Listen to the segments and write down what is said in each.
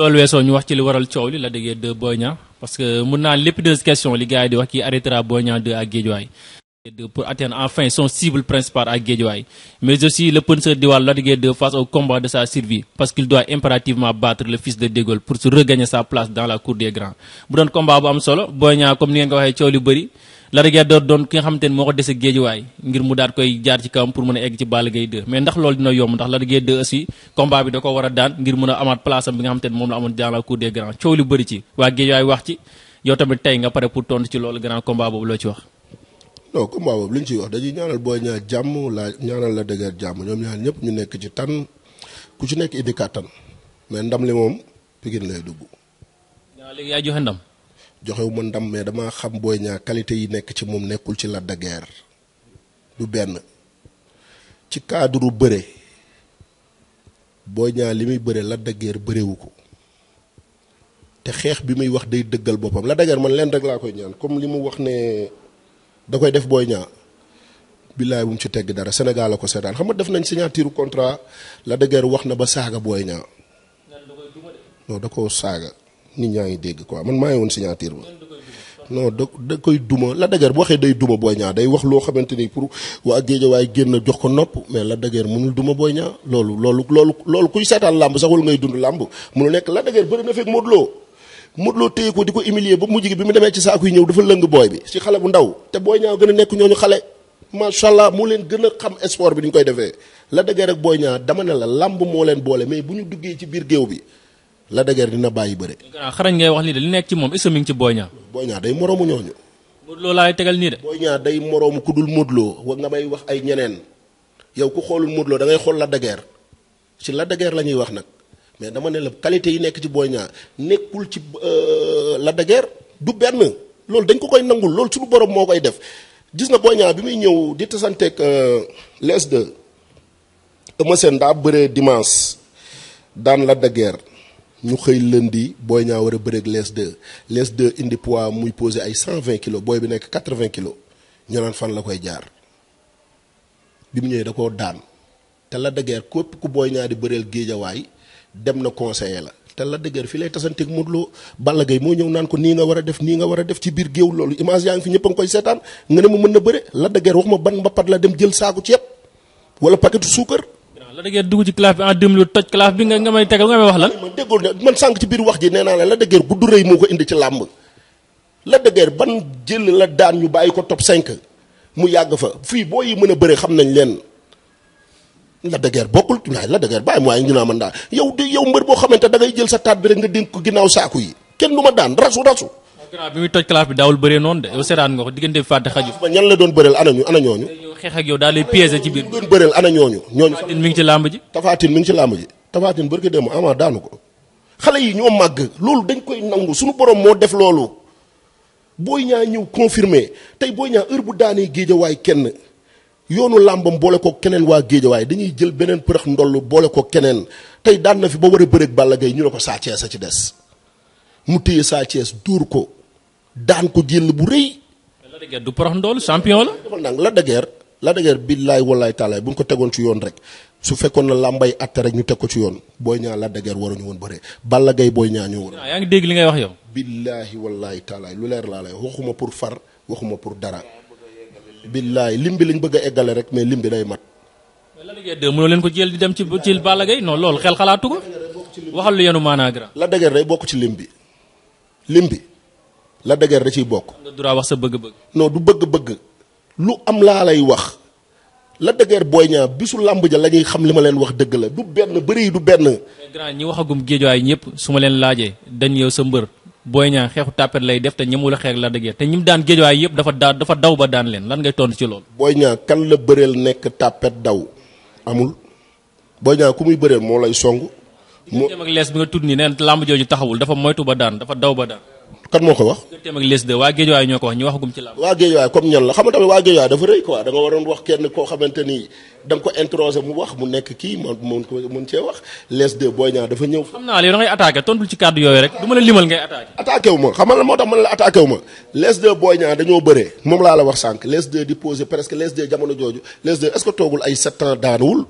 loolu weesoo ñu wax ci li waral coow la déggee de Boy parce que mun naa deux question li gars yi di wax arrêtera Boignan de 2 ak pour atteindre enfin son cible principale à Guédiawaye mais aussi le penseur Diwal la déggee de face au combat de sa survie parce qu'il doit impérativement battre le fils de De pour se regagner sa place dans la cour des grands bu doon combat bu am solo comme ni ngeen ko waxee coow li bëri la rigueur d'or don ki nga xamante moko dess ko dese géejuwaay ngir mu daat koy jaar ci kawam pour meuna egg ci Balla Gaye 2 mais ndax lolou dina yom ndax la rigueur 2 aussi combat bi da ko war daan ngir meuna amat place am bi nga xamante mom la amone dans la cour des grands ciow lu beuri ci wa geedji way wax ci yow tamit tay nga paré pour tontu ci lolou grand combat bobu lo ci wax non combat bobu liñ ci wax dañuy ñaanal boy ñaar jàmm la ñaanal la dëgër jàmm ñom ñaan ñep ñu nekk ci tan ku ci nekk indi kàttan mais ndam li mom pigine lay dugg léegi ya joxe ndam joxewu ma ndam mais dama xam booy ñaar qualité yi nekk ci moom nekkul ci Lac de Guiers du benn ci cadre bëre Boy Niang li muy bëre Lac de Guiers bërewu ko te xeex bi muy wax day dëggal boppam Lac de Guiers man leen rek laa koy ñaan comme li mu wax ne da koy def Boy Niang billaay bu mu ci tegg dara Sénégal ko seetaan xam ma def nañ signature contrat Lac de wax na ba saaga Boy Niang non da ko saaga nit ñaa ngi dégg quoi man maa ngi woon signature ba non da da koy duma la dëgër bu waxee day duma booy ñaa day wax loo xamante ni pour waa géej waaye génn jox ko nopp mais la dëgër mënul duma booy ñaa loolu loolu loolu loolu kuy seetaan làmb saxul ngay dund làmb mënu nekk la dëgër bëri na feeg Modou Lo téye ko di ko humilier ba mujj gi bi mu demee ci saaku yi ñëw dafa lëng booy bi si xale bu ndaw te booy ñaa gën a nekk ñooñu xale macha allah moo leen gën a xam sport bi ni ñu koy defee la dëgër ak booy ñaa dama ne la làmb moo leen boole mais bu ñu duggee ci biir géew bi la dagger dina bayyi beure xarañ ngay wax li de li nek ci mom isa mi ci boyña boyña day moromu ñooñu modlo lay tegal ni de boyña day moroomu ku dul modlo wa nga bay wax ay ñeneen yow ku xolul modlo da ngay xol la dagger ci la dagger lañuy wax nak mais dama ne la qualité yi nek ci boyña nekul ci euh, la dagger du benn loolu dañ ko koy nangul loolu suñu borom mo koy def gis na boyña bi muy ñew di ak les de Eumeu Sène daa bëree dimanche daan la dëgër ñu xëy lundi booy ñaa war a bëreeg les de les de indi poids muy posé ay 120 kilos booy bi nekk 80 kilos ñu naan fan la koy jaar bi mu ñëwee da koo daan te la dëgër képp ku booy ñaa di bëreel géejawaay dem na conseiller la te la dëgër fii lay tasanteeg Modou Lo Balla Gaye moo ñëw naan ko nii nga war a def nii nga war a def ci biir géew loolu image yaa ngi fi ñëpp koy seetaan nga ne mu mën na bëre la dëgër wax ma ban mbappat la dem jël saaku ceeb wala paquetu suukar. la dëgër dugg ci classe bi en ah, dëm lu toj classe bi nga nga may tegal nga may wax lan man déggul man sànq ci biir wax ji nee naa la la dëgër gudd rëy moo ko indi ci làmb la dëgër ban jël la daan ñu bàyyi ko top 5 mu yàgg fa fii boo yi mën a bëre xam nañ leen la dëgër bokkul naa la dëgër bàyyi waaye ñu naa man daa yow de yow mbër boo xamante da ngay jël sa taat bi rek nga dénk ko ginnaaw saaku yi kenn du ma daan rasu rasu ah, grand bi muy toj classe bi daawul bëree noonu de yow seetaan nga ko diggante fàtte xaju ñan la doon bëreel ana ñu xeex ak yow daal di ci biir. doon bëreel ana ñooñu. ñooñu Tapha Tine mi ngi ci làmb ji. Tapha Tine mi ngi ci làmb ji daanu ko xale yi ñoo màgg loolu dañ koy nangu suñu borom moo def loolu booy ñaa ñëw confirmé tey booy ñaa heure bu daanee géejawaay kenn yoonu làmbam boole ko keneen waa géejawaay dañuy jël beneen përëx ndoll boole ko keneen tey daan na fi ba war a bëreeg Balla Gaye ñu ne ko Sa ci des mu téye Sa Thiès dóor ko daan ko jël bu rëy. Lac de Guiers du përëx ndoll la de Guiers billaay wallaay taalaay bu ñu ko tegoon ci yoon rek su fekkoon na làmbay atte rek ñu teg ko ci yoon Boy Niang Lac de Guiers waruñu woon bëree Balla Gaye Boy ñaa ñoo woon. Ah, yaa ngi dégg li ngay wax yow. billaay wallaay taalaay lu leer laa lay waxuma pour far waxuma pour dara. billaay lim bi lañ bëgg a eggale rek mais lim bi day mat. Lac leen ko jël di dem ci ci Balla gay noo loolu xel xalaatu ko waxal lu yenu maanaa la Lac de Guiers bokk ci lim bi lim bi Lac de Guiers ciy bokk. nga wax sa bëgg-bëgg. non du bëgg-bëgg. lu am laa lay wax la dëgër booy ñaa bisu làmb ja la ñuy xam li ma leen wax dëgg la du benn bëri du benn. grand ñi waxagum géejuwaay ñëpp su ma leen laajee dañ yow sa mbër booy ñaa xeexu tàppet lay def te ñemul a xeex la dëgër te ñim daan géejuwaay yëpp dafa daa dafa daw ba daan leen lan ngay tontu ci loolu. booy ñaa kan la bëreel nekk tàppet daw amul booy ñaa ku muy bëreel moo lay song. moo ak lees bi nga tudd nii nen làmb jooju taxawul dafa moytu ba daan dafa daw ba daan. kan moo ko wax. digganteem ak les deux waa Géejawaay ñoo ko wax ñu waxagum ci làmb. waa Géejawaay comme ñan la xam nga tamit waa Géejawaay dafa rëy quoi da nga waroon wax kenn koo xamante ni da nga ko introsé mu wax mu nekk kii man mun ko mun cee wax les deux booy ñaar dafa ñëw. xam naa léegi da ngay ci kàddu yooyu rek du ma la limal ngay attaqué. attaqué wu ma xam la wax sànq les deux posé presque les deux jamono jooju les deux est ce que toogul ay sept ans daanuwul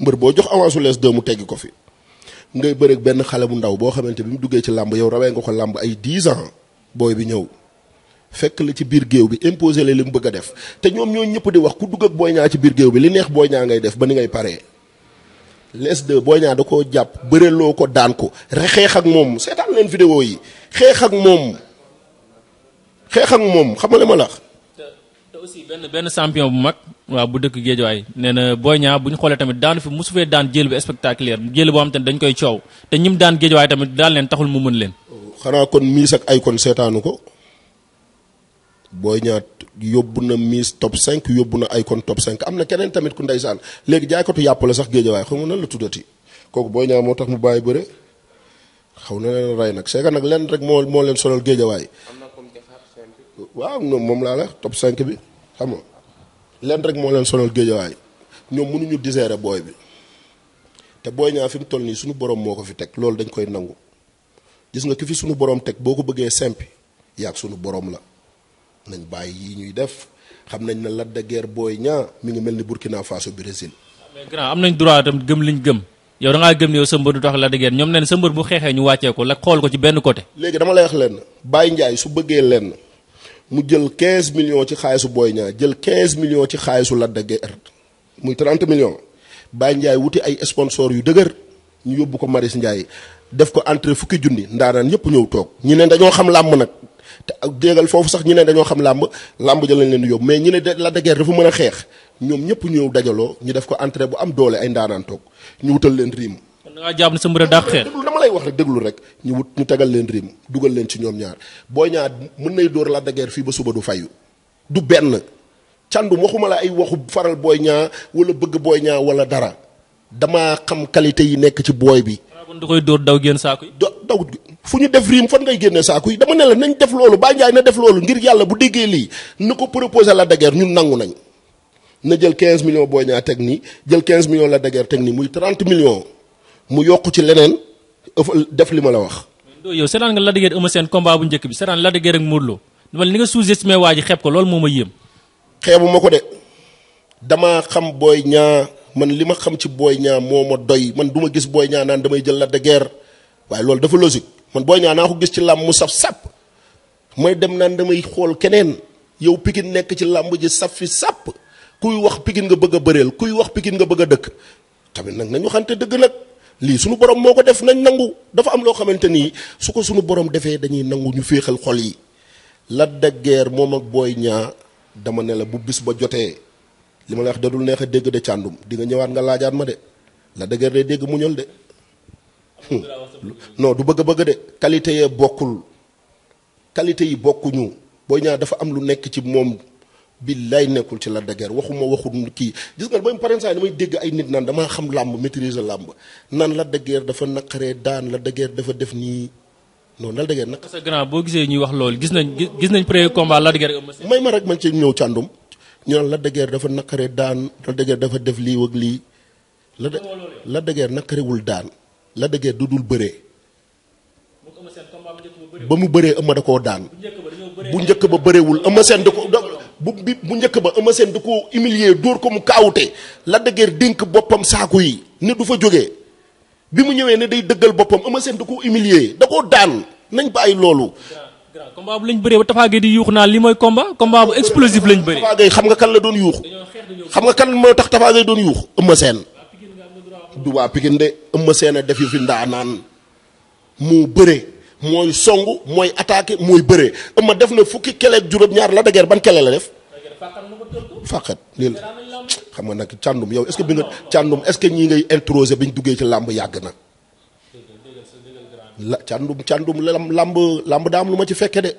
mbër boo jox avance mu teggi ko fi ngay bëreeg benn xale bu ndaw boo xamante bi mu duggee ci làmb yow rawee nga ko làmb ay 10 ans booy bi ñëw fekk la ci biir géew bi imposé la li mu bëgg a def te ñoom ñoo ñëpp di wax ku dugg ak booy ñaa ci biir géew bi li neex booy ñaa ngay def ba ni ngay paree les deux booy ñaa da koo jàpp bëreloo ko daan ko xeex ak moom seetaan leen vidéo yi xeex ak moom xeex ak moom xamale ma la te aussi benn benn champion bu mag waaw bu dëkk géejuwaay nee na Boy Niang bu ñu xoolee tamit daanu fi mosu fee daan jël bi spectaculaire jël boo xam te ne dañ koy coow te ñim daan géejuwaay tamit daan leen taxul mu mën leen. xanaa kon miis ak ay kon seetaanu ko Boy Niang yóbbu na miis top 5 yóbbu na ay kon top 5 am na keneen tamit ku ndeysaan léegi jaaykatu yàpp la sax géejuwaay xam nga nan la tuddati kooku Boy Niang moo tax mu bàyyi bëre xaw na leen nag c'est nag lenn rek moo moo leen solal géejawaay. am na comme waaw moom laa la top 5 bi xam leen rek moo leen sonal géejawaay ñoom mënuñu digérer booy bi te booy ñaa fi mu toll nii suñu borom moo ko fi teg loolu dañ koy nangu gis nga ki fi suñu borom teg boo ko bëggee simpi yaag sunu borom la nañ bàyyi yi ñuy def xam nañ na Lac de Guiers booy ñaa mu ngi mel ni Burkina Faso Brésil. mais grand am nañ droit tam gëm liñ gëm yow da gëm ne yow sa mbër du tax Lac de Guiers ñoom nee sa mbër bu xeexee ñu wàccee ko la xool ko ci benn côté. léegi dama lay wax lenn Baye Ndiaye su bëggee lenn. mu jël 15 millions ci xaalisu booy Niang jël 15 millions ci xaalisu Lac de muy trente millions Baye Ndiaye wuti ay sponsor yu dëgër ñu yóbbu ko Maris Ndiaye def ko entrée fukki junni ndaanaan ñëpp ñëw toog ñu ne dañoo xam làmb nag te ak dégal foofu sax ñu ne dañoo xam làmb làmb ja lañ leen yóbbu mais ñu ne Lac de Guiers dafa mën a xeex ñoom ñëpp ñëw dajaloo ñu def ko entrée bu am doole ay ndaanaan toog ñu wutal leen riim. kon da ngaa sa mbër a dàq xeex dama lay wax rek déglu rek ñu wut ñu tegal leen rim dugal leen ci ñoom ñaar booy ñaar mën nay dóor la daguère fii ba suba du fayu du benn candum waxuma la ay waxu faral booy ñaa wala bëgg booy ñaa wala dara damaa xam qualité yi nekk ci booy bi. kon da koy dóor daw génn saako yi. fu ñu def riim fan ngay génne saako yi dama ne la nañ def loolu Baye Ndiaye na def loolu ngir yàlla bu déggee lii na ko proposé la daguère ñu nangu nañ na jël 15 millions booy ñaa teg jël 15 millions la daguère teg muy 30 millions. mu yokk ci leneen def li ma la wax. mais yow seetaan nga Lac de Guiers Eumeu combat bu njëkk bi seetaan Lac de Guiers ak Modou Lo dama ni nga sous-estimé waa ji xeeb ko loolu moo ko de damaa xam booy ñaa man li ma xam ci booy ñaa moo ma doy man duma gis booy ñaa naan damay jël Lac de waaye loolu dafa logique man booy ñaa naa ko gis ci làmb mu saf sàpp mooy dem naan damay xool keneen yow pikin nekk ci làmb ji saf fi sàpp kuy wax pikin nga bëgg a bëreel kuy wax pikin nga bëgg dëkk tamit nag nañu xante dëgg nag. lii suñu borom moo ko def nañ nangu dafa am loo xamante ni su ko suñu borom defee dañuy nangu ñu féexal xol yi Lac de Guiers moom ak Boy Niang dama ne la bu bis ba jotee li ma la wax dadul neex a dégg de càndum di nga ñëwaat nga laajaat ma de la de Guiers day dégg muñal de hmm. non du bëgg bëgg de qualité yee bokkul qualité yi bokkuñu Boy Niang dafa am lu nekk ci moom billaay nekkul ci Lac de Guiers waxuma waxul kii gis nga ba parents yi damay dégg ay nit naan damaa xam làmb maîtriser làmb naan Lac de Guiers dafa naqaree daan Lac de Guiers dafa def nii non Lac de Guiers nag. boo gisee ñuy wax loolu gis nañ gis nañ premier combat Lac de Guiers may ma rek man ci ñëw càndum ñu naan Lac de Guiers dafa naqaree daan Lac de dafa def lii wëg lii. Lac de Guiers naqarewul daan Lac de du dul bëree. ba mu bëree ëmma da koo daan. bu njëkk ba bëreewul ëmma seen da ko bu bi bu njëkk ba Eumeu Sène du ko humilier dóor ko mu kaawute Lac de Guiers dénk boppam saaku yi ne du fa jóge bi mu ñëwee ne day dëggal boppam Eumeu Sène du ko humilier da ko daan nañ bàyyi loolu. waaw combat bu lañ bëree ba Tapha Gueye di yuux naa li mooy combat combat bu explosif lañ bëree. xam nga kan la doon yuux xam nga kan moo tax Tapha Gueye doon yuux Eumeu Sène du waa Pikine de Eumeu Sène a def yu fi ndaanaan mu bëree. mooy songu mooy attaqué mooy bëree ma def na fukki kele ak juróom-ñaar la dageer ban kele la def. fàqat lii la xam nga nag càndum yow est-ce que bi nga càndum est-ce que ñi ngay introsé bi ñu duggee ci làmb yàgg na. la càndum càndum làmb làmb daa am lu ma ci fekke de.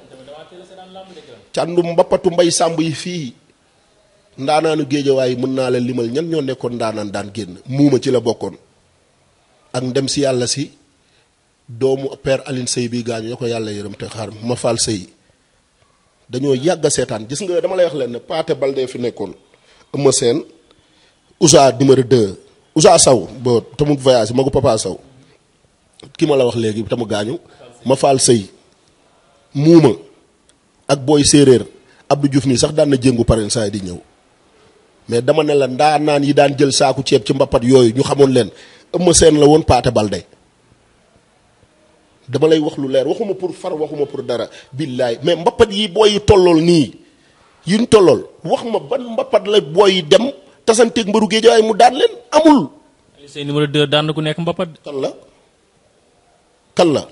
càndum mbappatu mbay sàmb yi fii. ndaanaanu géejawaay mën naa la limal ñan ñoo nekkoon ndaanaan daan génn muuma ci la bokkoon. ak ndem si yàlla si. doomu père alin Sey bi gaañu ya ko yàlla yërëm te xaar ma faal sëy dañoo yàgg seetaan gis nga dama lay wax leen ne Paate Baldé fi nekkoon Eumeu seen Ousa numéro 2 Ousa Saw ba tamit voyage magu Papa Saw ki ma la wax léegi tamu gaañu ma faal sëy muuma ak booy séeréer Abdou juuf nii sax daan na jéngu paren saa di ñëw mais dama ne la naan yi daan jël saaku ceeb ci mbappat yooyu ñu xamoon leen Eumeu seen la woon Paate balde dama lay wax lu leer waxuma pour far waxuma pour dara billahi mais mbapat yi boy tollol ni yiñ tollol waxuma ban mbapat la boy dem tassante ak mbaru geejay mu daan len amul sey numéro 2 daan ku nek mbapat kan la kan la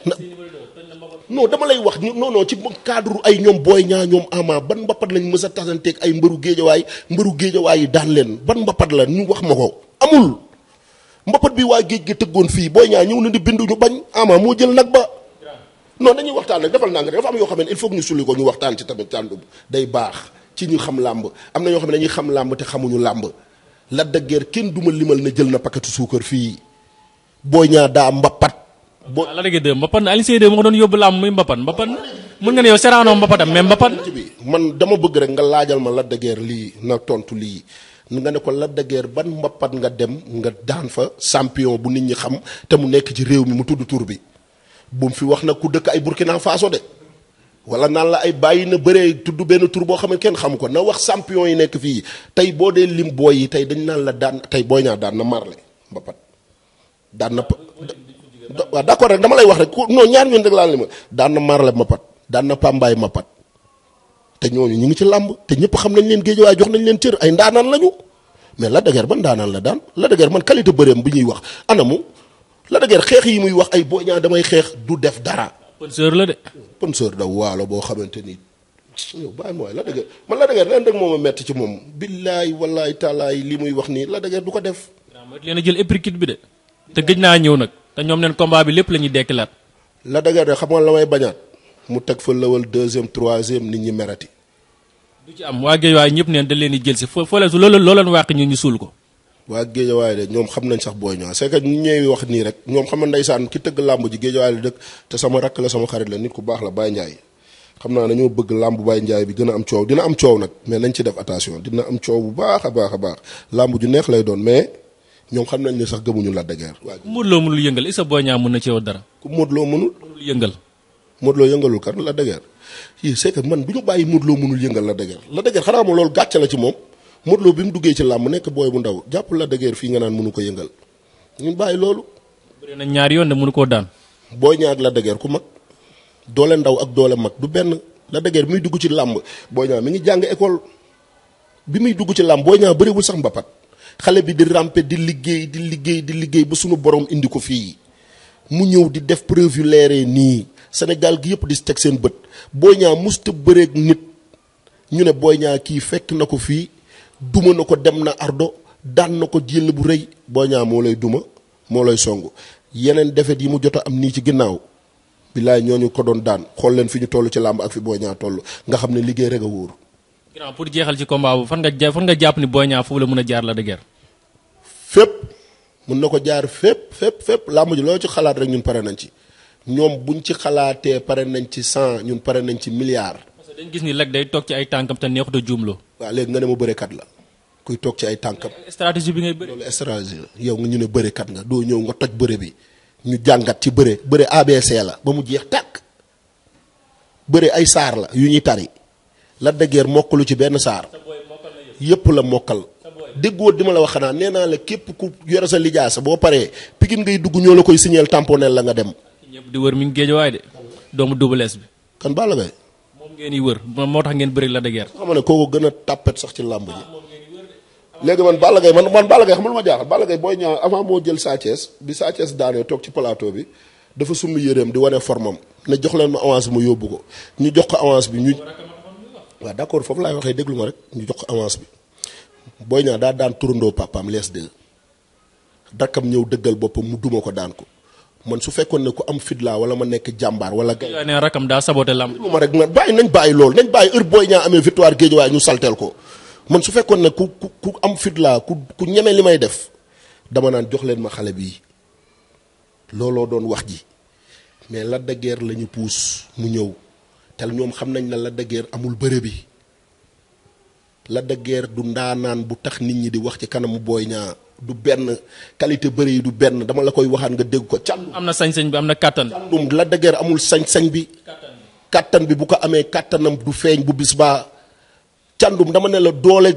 non dama lay wax non non ci cadre ay ñom boy ñaa ñom ama ban mbapat lañ mësa tassante ak ay mbaru geejay mbaru geejay daan len ban mbapat la ñu wax mako amul mbapat bi waa géej gi tëggoon fii booy ñaa ñëw na di bindu ñu bañ ama moo jël nag ba non dañuy waxtaan nag defal naa nga dafa am yoo xam ne il faut ñu sulli ko ñu waxtaan ci tamit tàndu day baax ci ñu xam làmb am na ñoo xam ne dañuy xam làmb te xamuñu làmb la dëggeer kenn duma limal na jël na paquetu suukar fii booy ñaa daa mbapat boo la dëgg de mbapat Alioune Seye de moo doon yóbbu làmb muy mbapat mbapat mën nga ne yow seraanoo mbapatam mais mbapat bi man dama bëgg rek nga laajal ma la dëggeer lii na tontu lii nga ne ko la de Guiers ban mbappat nga dem nga daan fa champion bu nit ñi xam te mu nekk ci réew mi mu tudd tur bi bu mu fi wax na ku dëkk ay Burkina Faso de wala naan la ay bàyyi na bëree tudd benn tur boo xam ne kenn xamu ko na wax champion yi nekk fii tey boo dee lim booy yi tey dañ naan la daan tey booy ñaa daan na marle mbappat daan na waaw d'accord rek dama lay wax rek non ñaar ñun rek laa li ma daan na marle mbapat daan na pambaay mbapat te ñooñu ñu ngi ci làmb te ñëpp xam nañ leen géejawaay jox nañ leen cër ay ndaanaan lañu mais la de Guiers ban ndaanaan la daan la de man qualité bëreem bi ñuy wax anamu Lac de Guiers xeex yi muy wax ay boo damay xeex du def dara. sponsor la de. sponsor da waalo boo xamante ni yow bàyyi mooy Lac de Guiers man Lac de Guiers leen rek moo ma metti ci moom billaay wallaay taalaay lii muy wax nii la de du ko def. waaw leen a jël éprikit bi de. te gëj naa ñëw nag te ñoom neen combat bi lépp la ñuy dekkilaat. Lac de Guiers de xam nga la may bañaat. mu teg fa lëwal deuxième troisième nit ñi merati. du ci am waa Géejawaay ñëpp neen da leen di jël si foo foolee su loolu looleen wàq ñu ñu suul ko. waa Géejawaay de ñoom xam nañ sax booy ñëwaat c'est que ñu wax nii rek ñoom xam na ndeysaan ki tëgg làmb ji Géejawaay la dëkk te sama rakk la sama xarit la nit ku baax la Baye Ndiaye. xam naa dañoo bëgg làmb Baye Ndiaye bi gën a am coow dina am coow nag mais nañ ci def attention dina am coow bu baax a baax a baax làmb lay doon mais ñoom xam nañ ne sax gëmuñu la de guerre. waaw ku Modou Lo mënul yëngal isa Boy Niang mën na ci yow dara. ku Modou Lo mënul yëngal modlo yëngalul kan la dëgër yi c'est que man buñu bayyi modlo mënul yëngal la dëgër la dëgër xana mo loolu gàcce la ci mom modlo bi mu duggé ci lamb nek boy bu ndaw japp la dëgër fi nga naan mënu ko yëngal ñu bayyi loolu. bëri na ñaar yoon de mënu ko daan. boy ñaar la dëgër ku mag doole ndaw ak doole mag du ben la dëgër muy dugg ci lamb boy ñaar mi ngi jàng école bi muy dugg ci lamb boy ñaar bëriwul sax mbapat xalé bi di ramper di liggéey di liggéey di liggéey bu suñu borom indi ko fi mu ñëw di def preuve yu leeree nii senegal gi yëpp di teg seen bët Boy Niang musta bëreeg nit ñu ne Boy Niang kii fekk na ko fii duma na ko dem na ardo daan na ko jël bu rëy Boy Niang moo lay duma moo lay songu yeneen defet yi mu jot am nii ci ginnaaw billaay ñooñu ko doon daan xool leen fi ñu toll ci làmb ak fi Boy Niang toll nga xam ne liggéey rek a wóor. grand pour jeexal ci combat bu fan nga fan nga jàpp ni Boy Niang foofu la mën a jaar la de guerre. mun na ko jaar fépp fépp fépp làmb ji loo ci xalaat rek ñun pare nañ ci ñoom buñ ci xalaatee pare nañ ci cent ñun pare nañ ci milliard. parce gis ni Lac day toog ci ay tànkam te neexut a juumloo. waaw léegi nga ne ma bërekat la kuy toog ci ay tànkam. stratégie bi ngay bëri loolu la yow nga ñu ne kat nga doo ñëw nga toj bëre bi ñu jàngat ci bëre bëre ABC la ba mu jeex tàkk bëre ay saar la yu ñuy tari la de Guiers mokkalu ci benn saar yëpp la mokkal. déggoo di ma la wax xanaa nee naa la képp ku yore sa lijaasa boo paree Pikine ngay dugg ñoo la koy signeel tamponel la nga dem. ñëpp di wër mi ngi géej waay de doomu Double Less bi. kan Balla Gaye. moom ngeen di wër moo tax ngeen bëri la de guerre. xam ne kooku gën a tàppet sax ci làmb ji. léegi man Balla Gaye man man Balla Gaye xam lu ma jaaxal Balla Gaye booy ñaaw avant boo jël Sa Thiès bi Sa daanee toog ci plateau bi dafa sumb yéreem di wane formam na jox leen ma avance mu yóbbu ko ñu jox ko avance bi ñu. waaw d'accord foofu laay waxee déglu ma rek ñu jox ko avance bi booy Niang daal daan turandoo papaam lees de dakkam ñëw dëggal boppam mu duma ko daan ko man su fekkoon ne ku am fit laa wala ma nekk jàmbaar wala. gay ne rakam daa saboté lamb. ma rek man bàyyi nañ bàyyi loolu nañ bàyyi heure Boy Niang amee victoire Guédiawaye ñu salteel ko man su fekkoon ne ku ku ku am fit ku ku ñeme li may def dama naan jox leen ma xale bii looloo doon wax ji mais Lac de Guiers la ñu puus mu ñëw te ñoom xam nañ ne Lac de amul bëre bi. la de du du naan bu tax nit ñi di wax ci kanamu Boy ñaa du benn qualité bëri yi du benn dama la koy waxaat nga dégg ko càndum am na sañ-sañ bi am na kàttan càndum la de amul sañ-sañ bi kàttan bi bu ko amee kàttanam du feeñ bu bis baa càndum dama ne la doole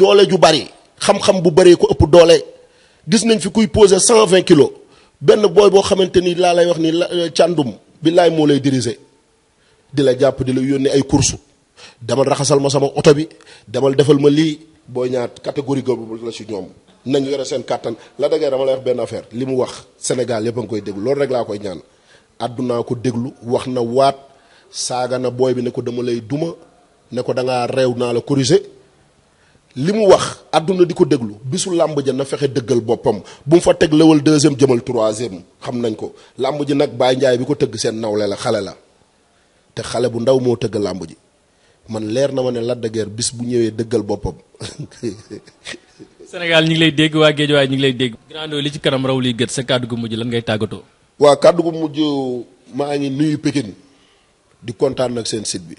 doole ju bari xam bu bëree ko ëpp doole gis nañ fi kuy pose cent vingt kilos benn booy boo xamante ni laa lay wax nii ni euh, càndum billaay moo lay diriger di la jàpp di la yónnee ay courses demal raxasal ma sama oto bi demal defal ma lii booy ñaar catégorie googu la si ñoom nañ yore seen kàttan la dëgg dama lay wax benn affaire li mu wax Sénégal yëpp a ngi koy déglu loolu rek laa koy ñaan àddunaa ko déglu wax na waat saaga na booy bi ne ko dama lay duma ne ko danga ngaa réew naa la corriger li mu wax àdduna di ko déglu bisu làmb ja na fexe dëggal boppam bu mu fa teg lewal deuxième jëmal troisième xam nañ ko làmb ji nag Baye Ndiaye bi ko tëgg seen nawle la xale la te xale bu ndaw moo tëgg làmb ji man leer na ma ne Lac de bis bu ñëwee dëggal boppam. Sénégal ñu ngi lay dégg waa Géejawaay ñu ngi lay dégg. Grando li ci kanam raw liy gët sa kàddu gu mujj lan ngay tàggatoo. waa kàddu gu mujj maa ngi nuyu Pikine di kontaan nag seen sit bi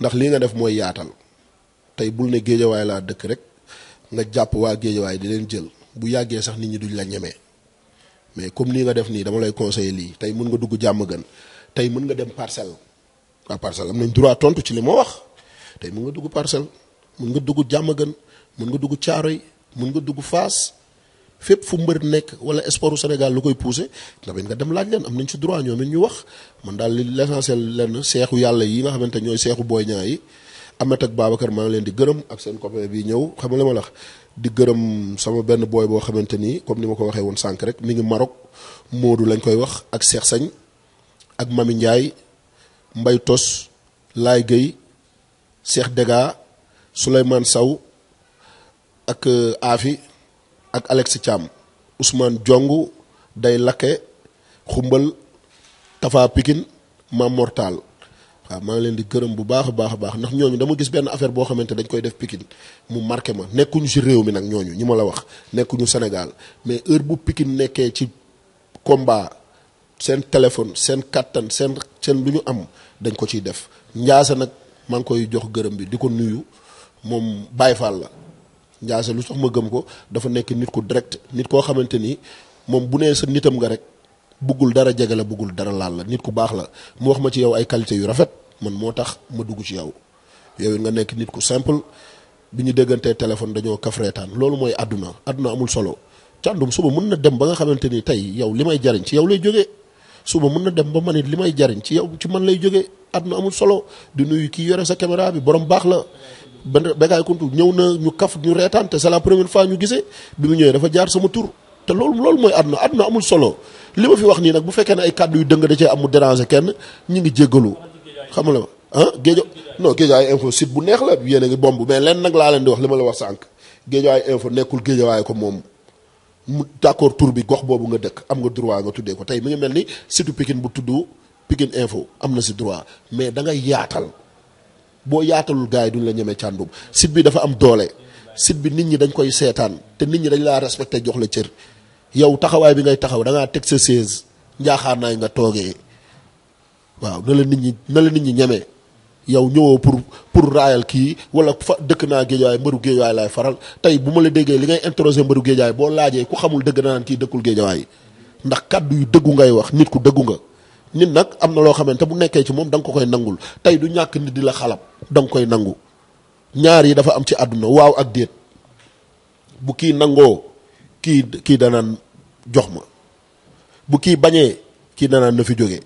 ndax lii nga def mooy yaatal tey bul ne Géejawaay laa dëkk rek nga jàpp waa Géejawaay di leen jël bu yàggee sax nit ñi duñ la ñemee mais comme lii nga def nii dama lay conseiller lii tey mun nga dugg jàmm gën tey mën nga dem parcelle waa parcelle am tontu ci li ma wax. tay mun nga dugg parcel mun nga dugg jàmmagën mun nga dugg caaroy mun nga dugg faas fépp fu mbër nekk wala sportu sénégal lu koy poussé tamit nga dem laaj leen am nañ ci droit ñoom ñu wax man daal li l' essentiel lenn seexu yàlla yi nga xamante ñooy seexu booy ñaa yi amet ak babacar maa ngi di gërëm ak seen copain bi ñëw xam nga ma la di gërëm sama benn booy boo xamante ni comme ni ma ko waxee woon sànq rek mi ngi Maroc Modou lañ koy wax ak Cheikh ak Mami Ndiaye Mbay Tos Laay Gueye cheikh dega souleymane saw ak euh, afi ak alex Cham, ousmane diongu day laké xumbal tafa pikin mam mortal wa ma ngi len di gëreum bu baax baax baax ndax ñooñu dama gis ben affaire bo xamantene dañ koy def pikin mu marqué ma nekkuñu ci réew mi nak ñooñu ñima la wax nekkuñu sénégal mais heure bu pikin nekké ci combat sen téléphone sen kattan Sen sen luñu am dañ ko ci def ndiasa nak maa koy jox gërëm bi di ko nuyu moom Baye Fall la Ndiassé lu sax ma gëm ko dafa nekk nit ku direct nit koo xamante ni moom bu nee sa nitam nga rek buggul dara jege la buggul dara laal la nit ku baax la mu wax ma ci yow ay qualité yu rafet man moo tax ma dugg ci yow yow nga nekk nit ku simple bi ñu déggantee téléphone dañoo kaf loolu mooy àdduna àdduna amul solo càndum suba mën na dem ba nga xamante ni tey yow li may jariñ ci yow lay jógee suba mën na dem ba man it li may jariñ ci yow ci man lay jóge àdduna amul solo di nuyu kii yore sa caméra bi borom baax la Bécaye Kounta ñëw na ñu kaf ñu reetaan te c'est la première fois ñu gisee bi mu ñëwee dafa jaar sama tur te loolu lool mooy àdduna àdduna amul solo li ma fi wax nii nag bu fekkee ne ay kàddu yu dëng da cee am mu kenn ñi ngi jéggalu xam la ah géejo non géejowaay info site bu neex la yéen a ngi bomb mais leen nag laa leen di wax li ma la wax sànq géejowaay info nekkul géejowaay ko moom mu d'accord tur bi gox boobu nga dëkk am nga droit nga tuddee ko tey mi ngi mel ni surtout Pikine bu tudd Pikine info am na si droit mais da nga yaatal boo yaatalul gars yi duñ la ñemee càndum site bi dafa am doole site bi nit ñi dañ koy seetaan te nit ñi dañ laa respecté jox la cër yow taxawaay bi ngay taxaw dangaa teg sa chaise njaaxaar naay nga toogee waaw na la nit ñi na la nit ñi ñemee yow ñëwoo pour pour raayal kii wala fa dëkk naa géejawaay mbëru géejawaay laay faral tey bu ma la déggee li ngay interroger mbëru géejawaay boo laajee ku xamul dëgg na naan kii dëkkul géejawaay ndax kàddu yu dëggu ngay wax nit ku dëggu nga nit nag am na loo xamante bu nekkee ci moom danga ko koy nangul tey du ñàkk nit di la xalab danga koy nangu ñaar yi dafa am ci àdduna waaw ak déet bu kii nangoo kii kii danaan jox ma bu kii bañee kii danaan na fi jógee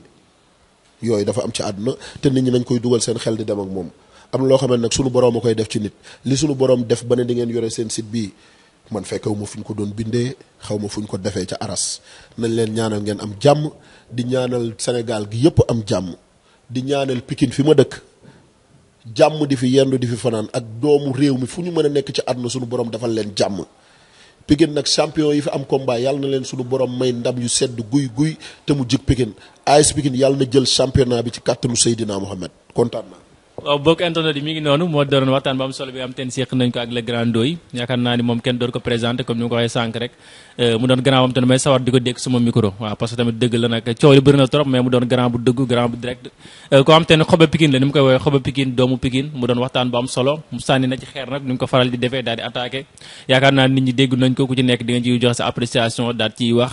yoy dafa am ci aduna te nit ñi nañ koy duggal seen xel di dem ak mom am lo xamne nak suñu borom a def ci nit li suñu borom def bané di ngeen yoré seen site bi man fekkewu ma fuñ ko doon bindé xawma fuñ ko défé ci aras nañ leen ñaanal ngeen am jamm di ñaanal sénégal gi yépp am jamm di ñaanal pikin fi ma dëkk jamm di fi yendu di fi fanan ak doomu réew mi fuñu mëna nekk ci aduna suñu borom dafa leen jamm pikin nak champion yi fi am combat yalla na leen suñu borom may ndam yu sedd guy guy te mu jik pikin AS Pikine yàlla na jël championnat bi ci kàttanu Seydina Mohamed kontaan waaw bokk ko ak euh, di mu doon grand bu euh, doon waxtaan bu am solo mu sànni na ci xeer nag ni mu ko faral di defee daal di attaqué yaakaar naa nit ñi dégg nañ ko ku ci nekk di nga joxe sa appréciation daal ciy wax